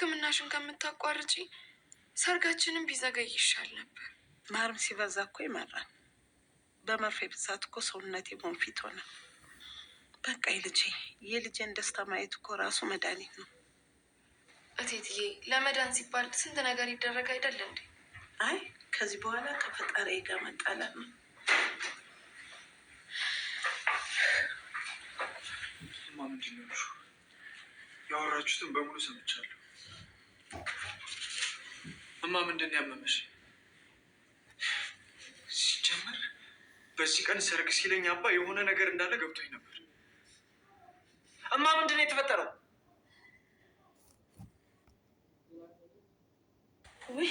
ህክምናሽን ከምታቋርጪ ሰርጋችንን ቢዘገይ ይሻል ነበር። ማርም ሲበዛ እኮ ይመራል። በመርፌ ብዛት እኮ ሰውነቴ ቦንፊት ሆነ። በቃ የልጄ የልጄን ደስታ ማየት እኮ ራሱ መድኃኒት ነው። እቴትዬ ለመዳን ሲባል ስንት ነገር ይደረግ አይደለ እንዴ? አይ ከዚህ በኋላ ከፈጣሪ ጋር መጣላት ነው። ያወራችሁትን በሙሉ ሰምቻለሁ። እማ ምንድን ያመመሽ? ሲጀመር በዚህ ቀን ሰርግ ሲለኝ አባ የሆነ ነገር እንዳለ ገብቶኝ ነበር። እማ ምንድን ነው የተፈጠረው? ውይ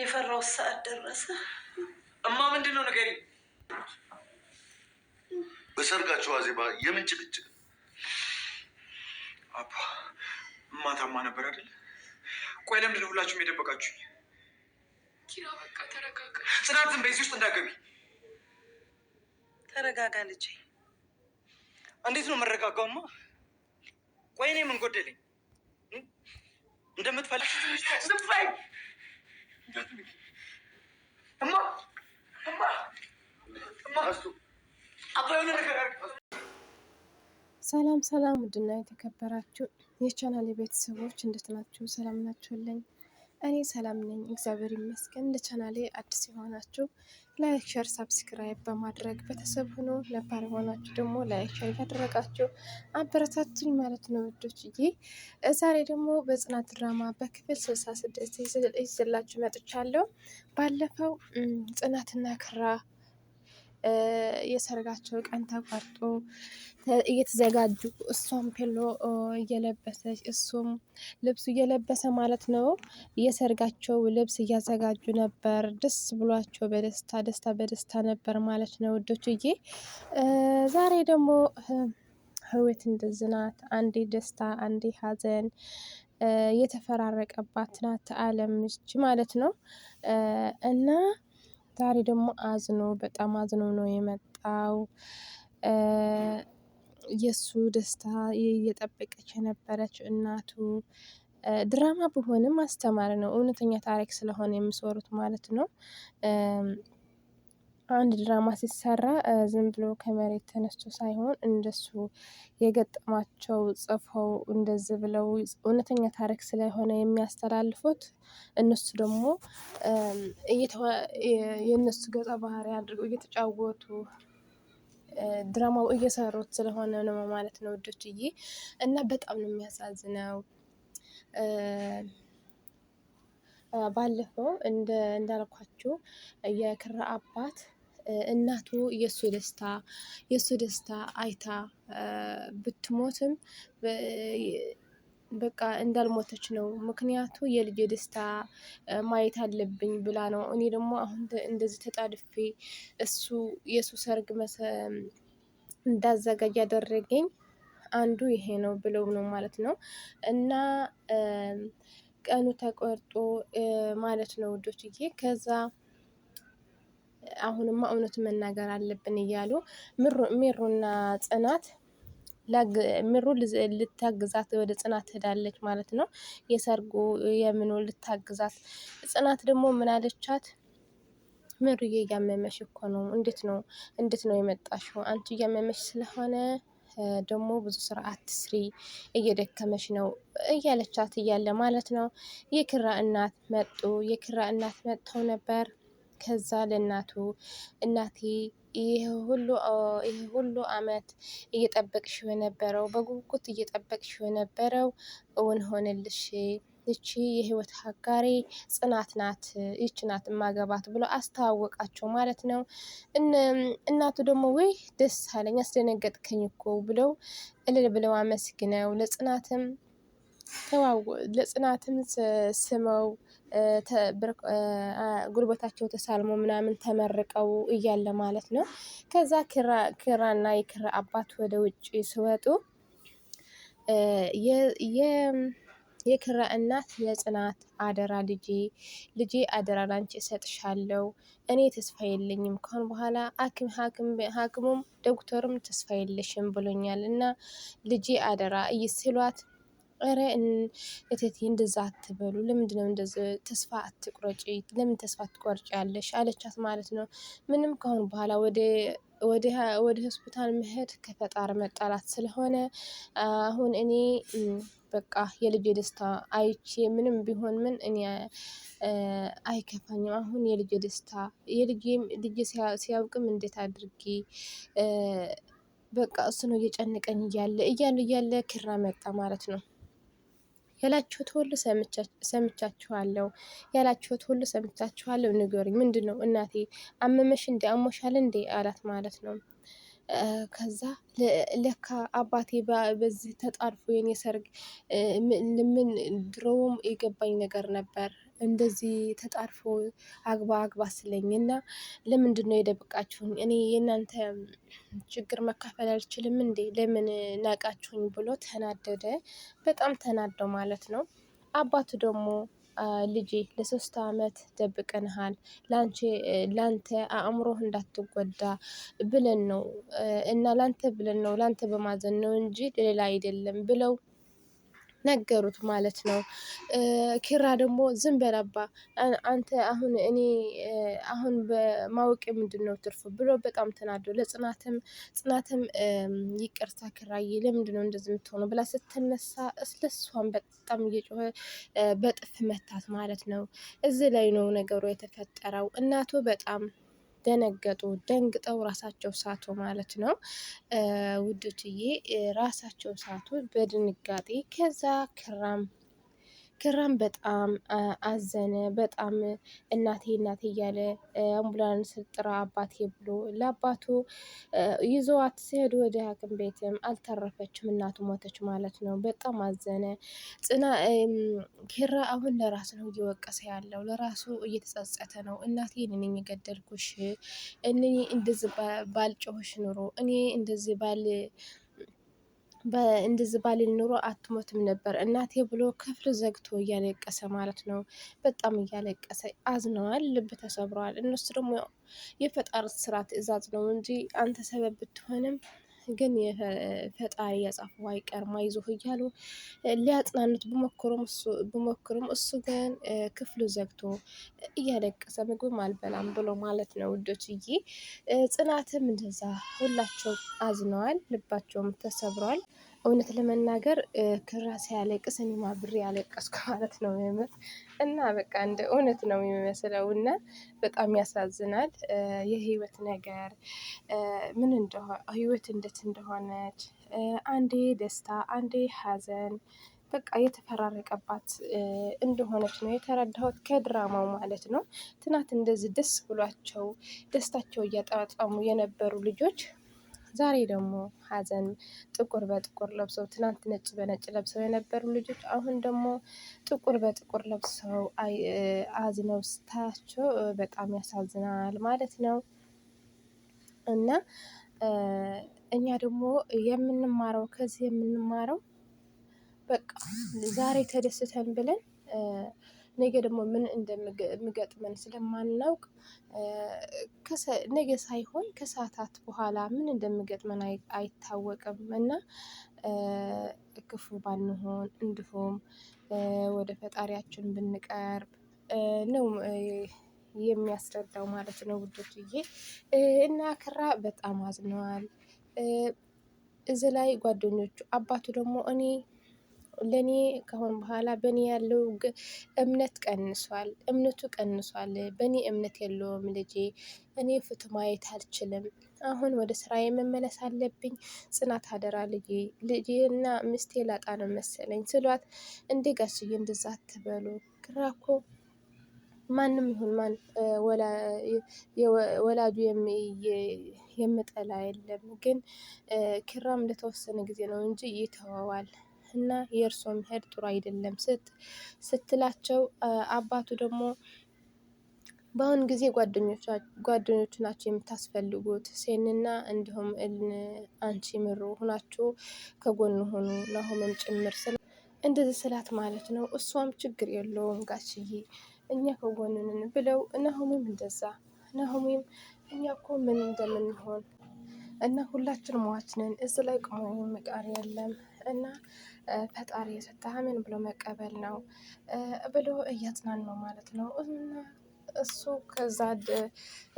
የፈራው ሰዓት ደረሰ። እማ ምንድን ነው ነገሪ? በሰርጋቸው ዋዜማ የምን ጭቅጭቅ አባ ማታማ ነበር አይደል? ቆይ ለምንድን ሁላችሁም የደበቃችሁ ኪራ በቃ ተረጋጋ። ጽናትን በዚህ ውስጥ እንዳገቢ ተረጋጋ ልጄ። እንዴት ነው መረጋጋውማ? ቆይ እኔ ምን ጎደለኝ? እንደምትፈልግ እማ እማ እማ ሰላም ሰላም፣ ውድና የተከበራችሁ የቻናል ቤተሰቦች እንዴት ናችሁ? ሰላም ናችሁልኝ? እኔ ሰላም ነኝ፣ እግዚአብሔር ይመስገን። እንደ ቻናሌ አዲስ የሆናችሁ ላይክ፣ ሸር፣ ሳብስክራይብ በማድረግ ቤተሰብ ሆኖ ነባር የሆናችሁ ደግሞ ላይክ፣ ሸር እያደረጋችሁ አበረታቱኝ ማለት ነው ውዶች። ዛሬ ደግሞ በጽናት ድራማ በክፍል ስልሳ ስድስት ይዘላችሁ መጥቻለሁ። ባለፈው ጽናትና ክራ የሰርጋቸው ቀን ተቋርጦ እየተዘጋጁ እሷም ፔሎ እየለበሰች እሱም ልብሱ እየለበሰ ማለት ነው። የሰርጋቸው ልብስ እያዘጋጁ ነበር። ደስ ብሏቸው በደስታ ደስታ በደስታ ነበር ማለት ነው ውዶችዬ። ዛሬ ደግሞ ህይወት እንደዚህ ናት። አንዴ ደስታ፣ አንዴ ሀዘን የተፈራረቀባት ናት አለም ይች ማለት ነው እና ዛሬ ደግሞ አዝኖ በጣም አዝኖ ነው የመጣው። የእሱ ደስታ እየጠበቀች የነበረች እናቱ ድራማ ብሆንም አስተማሪ ነው። እውነተኛ ታሪክ ስለሆነ የሚሰሩት ማለት ነው። አንድ ድራማ ሲሰራ ዝም ብሎ ከመሬት ተነስቶ ሳይሆን እንደሱ የገጠማቸው ጽፈው እንደዚህ ብለው እውነተኛ ታሪክ ስለሆነ የሚያስተላልፉት እነሱ ደግሞ የእነሱ ገጸ ባህሪ አድርገው እየተጫወቱ ድራማው እየሰሩት ስለሆነ ነው ማለት ነው ውዶችዬ። እና በጣም ነው የሚያሳዝነው። ባለፈው እንዳልኳችሁ የክራ አባት እናቱ የእሱ ደስታ የእሱ ደስታ አይታ ብትሞትም በቃ እንዳልሞተች ነው። ምክንያቱ የልጅ ደስታ ማየት አለብኝ ብላ ነው። እኔ ደግሞ አሁን እንደዚህ ተጣድፌ እሱ የእሱ ሰርግ እንዳዘጋጅ ያደረገኝ አንዱ ይሄ ነው ብለው ነው ማለት ነው እና ቀኑ ተቆርጦ ማለት ነው ውዶችዬ። ከዛ አሁንማ እውነት መናገር አለብን እያሉ ምሩና ጽናት ምሩ ልታግዛት ወደ ጽናት ትሄዳለች ማለት ነው። የሰርጉ የምኑ ልታግዛት ጽናት ደግሞ ምን አለቻት? ምሩዬ እያመመሽ እኮ ነው። እንዴት ነው እንዴት ነው የመጣሽው? አንቺ እያመመሽ ስለሆነ ደግሞ ብዙ ስራ አትስሪ፣ እየደከመሽ ነው እያለቻት እያለ ማለት ነው። የክራ እናት መጡ። የክራ እናት መጥተው ነበር። ከዛ ለእናቱ እናቴ ይሄ ሁሉ ይህ ሁሉ አመት እየጠበቅሽው የነበረው በጉጉት እየጠበቅሽው የነበረው እውን ሆነልሽ። ይቺ የህይወት ሀጋሪ ጽናት ናት፣ ይች ናት ማገባት ብሎ አስተዋወቃቸው ማለት ነው። እናቱ ደግሞ ወይ ደስ አለኝ አስደነገጥከኝ እኮ ብለው እልል ብለው አመስግነው ለጽናትም ለጽናትም ስመው ጉልበታቸው ተሳልሞ ምናምን ተመርቀው እያለ ማለት ነው። ከዛ ክራ ኪራና የክራ አባት ወደ ውጭ ሲወጡ የክራ እናት ለጽናት አደራ ልጄ ልጄ አደራ ላንቺ እሰጥሻለሁ። እኔ ተስፋ የለኝም ከአሁን በኋላ ሐኪሙም ዶክተሩም ተስፋ የለሽም ብሎኛል እና ልጄ አደራ እይስሏት ኧረ እቴቴ እንደዛ አትበሉ፣ ለምንድነው እንደዚህ ተስፋ አትቁረጪ፣ ለምን ተስፋ አትቆርጪ ያለሽ አለቻት ማለት ነው። ምንም ከአሁን በኋላ ወደ ወደ ሆስፒታል መሄድ ከፈጣር መጣላት ስለሆነ አሁን እኔ በቃ የልጄ ደስታ አይቼ ምንም ቢሆን ምን እኔ አይከፋኝም። አሁን የልጄ ደስታ ልጄ ሲያውቅም እንዴት አድርጌ በቃ እሱ ነው እየጨነቀኝ እያለ እያለ እያለ ኪራ መጣ ማለት ነው። ያላችሁት ሁሉ ሰምቻችኋለሁ፣ ያላችሁት ሁሉ ሰምቻችኋለሁ፣ ንገሩኝ ምንድን ነው እናቴ አመመሽ እንዴ አሞሻል እንዴ አላት ማለት ነው። ከዛ ለካ አባቴ በዚህ ተጣርፎ የኔ ሰርግ ልምን ድሮውም የገባኝ ነገር ነበር። እንደዚህ ተጣርፎ አግባ አግባ ስለኝ እና ለምንድን ነው የደብቃችሁኝ? እኔ የእናንተ ችግር መካፈል አልችልም እንዴ? ለምን ናቃችሁኝ? ብሎ ተናደደ። በጣም ተናደው ማለት ነው። አባቱ ደግሞ ልጄ ለሶስት አመት ደብቀንሃል ላንተ አእምሮህ እንዳትጎዳ ብለን ነው እና ላንተ ብለን ነው ላንተ በማዘን ነው እንጂ ለሌላ አይደለም ብለው ነገሩት ማለት ነው። ኪራ ደግሞ ዝም በለባ አንተ አሁን እኔ አሁን በማወቅ ምንድን ነው ትርፉ ብሎ በጣም ተናዶ ለጽናትም ጽናትም ይቅርታ ኪራዬ ለምንድን ነው እንደዚህ የምትሆኑ ብላ ስትነሳ እስለሷን በጣም እየጮኸ በጥፍ መታት ማለት ነው። እዚህ ላይ ነው ነገሩ የተፈጠረው። እናቱ በጣም ደነገጡ፣ ደንግጠው ራሳቸው ሳቱ ማለት ነው። ውድትዬ ራሳቸው ሳቱ በድንጋጤ ከዛ ክራም ኪራም በጣም አዘነ። በጣም እናቴ እናቴ እያለ አምቡላንስ ጥራ አባቴ ብሎ ለአባቱ ይዘዋት ሲሄዱ ወደ ሐኪም ቤትም አልተረፈችም። እናቱ ሞተች ማለት ነው። በጣም አዘነ። ጽና ኪራ አሁን ለራሱ ነው እየወቀሰ ያለው፣ ለራሱ እየተጸጸተ ነው። እናቴ እኔ የገደልኩሽ፣ እኔ እንደዚህ ባልጮህሽ ኑሮ እኔ እንደዚህ ባል እንደዚህ ባሌል ኑሮ አትሞትም ነበር እናቴ ብሎ ክፍል ዘግቶ እያለቀሰ ማለት ነው። በጣም እያለቀሰ አዝነዋል፣ ልብ ተሰብረዋል። እነሱ ደግሞ የፈጣሪ ስራ ትእዛዝ ነው እንጂ አንተ ሰበብ ብትሆንም ግን ፈጣሪ የጻፈው አይቀርም አይዞህ እያሉ ሊያጽናኑት ብሞክሩም እሱ ግን ክፍሉ ዘግቶ እያለቀሰ ምግብም አልበላም ብሎ ማለት ነው ውዶችዬ። ጽናትም እንደዛ ሁላቸው አዝነዋል፣ ልባቸውም ተሰብሯል። እውነት ለመናገር ክራ ሲያለቅስ እኔም አብሬ ያለቀስኩ ማለት ነው። የምር እና በቃ እንደ እውነት ነው የሚመስለው እና በጣም ያሳዝናል። የህይወት ነገር ምን እንደሆነ ህይወት እንዴት እንደሆነች አንዴ ደስታ፣ አንዴ ሀዘን በቃ የተፈራረቀባት እንደሆነች ነው የተረዳሁት ከድራማው ማለት ነው። ትናንት እንደዚህ ደስ ብሏቸው ደስታቸው እያጠመጠሙ የነበሩ ልጆች ዛሬ ደግሞ ሀዘን ጥቁር በጥቁር ለብሰው ትናንት ነጭ በነጭ ለብሰው የነበሩ ልጆች አሁን ደግሞ ጥቁር በጥቁር ለብሰው አዝነው ስታያቸው በጣም ያሳዝናል ማለት ነው እና እኛ ደግሞ የምንማረው ከዚህ የምንማረው በቃ ዛሬ ተደስተን ብለን ነገ ደግሞ ምን እንደምገጥመን ስለማናውቅ ነገ ሳይሆን ከሰዓታት በኋላ ምን እንደምገጥመን አይታወቅም እና ክፉ ባንሆን እንዲሁም ወደ ፈጣሪያችን ብንቀርብ ነው የሚያስረዳው ማለት ነው ውዶችዬ። እና ክራ በጣም አዝነዋል። እዚ ላይ ጓደኞቹ አባቱ ደግሞ እኔ ለእኔ ከሆን በኋላ በእኔ ያለው እምነት ቀንሷል፣ እምነቱ ቀንሷል። በእኔ እምነት የለውም ልጄ። እኔ ፍቱ ማየት አልችልም። አሁን ወደ ስራ የመመለስ አለብኝ። ጽናት አደራ ልጄ፣ እና ምስቴ ላጣ ነው መሰለኝ ስሏት፣ እንዴ ጋሽዬ እንደዛ አትበሉ። ግራ እኮ ማንም ይሁን ማን ወላጁ የምጠላ የለም። ግን ኪራም ለተወሰነ ጊዜ ነው እንጂ ይተወዋል። እና የእርሶ መሄድ ጥሩ አይደለም ስትላቸው አባቱ ደግሞ በአሁን ጊዜ ጓደኞቹ ናቸው የምታስፈልጉት ሴንና እንዲሁም አንቺ ምሩ ሁናችሁ ከጎን ሆኑ ናሆምም ጭምር እንደዚህ ስላት ማለት ነው። እሷም ችግር የለውም ጋችዬ እኛ ከጎንንን ብለው ናሆምም እንደዛ ናሆምም እኛ እኮ ምን እንደምንሆን እና ሁላችን ሟች ነን። እዚ ላይ ቆሞ መቃር የለም እና ፈጣሪ የሰጠህምን ብሎ መቀበል ነው ብሎ እያጽናን ነው ማለት ነው። እና እሱ ከዛ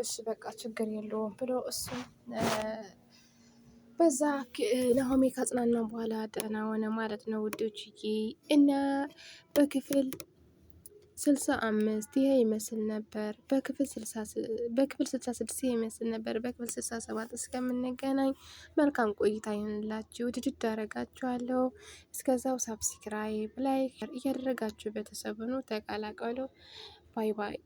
እሺ በቃ ችግር የለውም ብሎ እሱ በዛ ናሆሚ ካጽናና በኋላ ደህና ሆነ ማለት ነው ውዶችዬ እና በክፍል ስልሳ አምስት ይሄ ይመስል ነበር። በክፍል ስልሳ ስድስት ይሄ ይመስል ነበር። በክፍል ስልሳ ሰባት እስከምንገናኝ መልካም ቆይታ ይሆንላችሁ። ድድድ አረጋችኋለሁ። እስከዛው ሳብስክራይብ፣ ላይክ እያደረጋችሁ ቤተሰቡኑ ተቀላቀሉ። ባይ ባይ።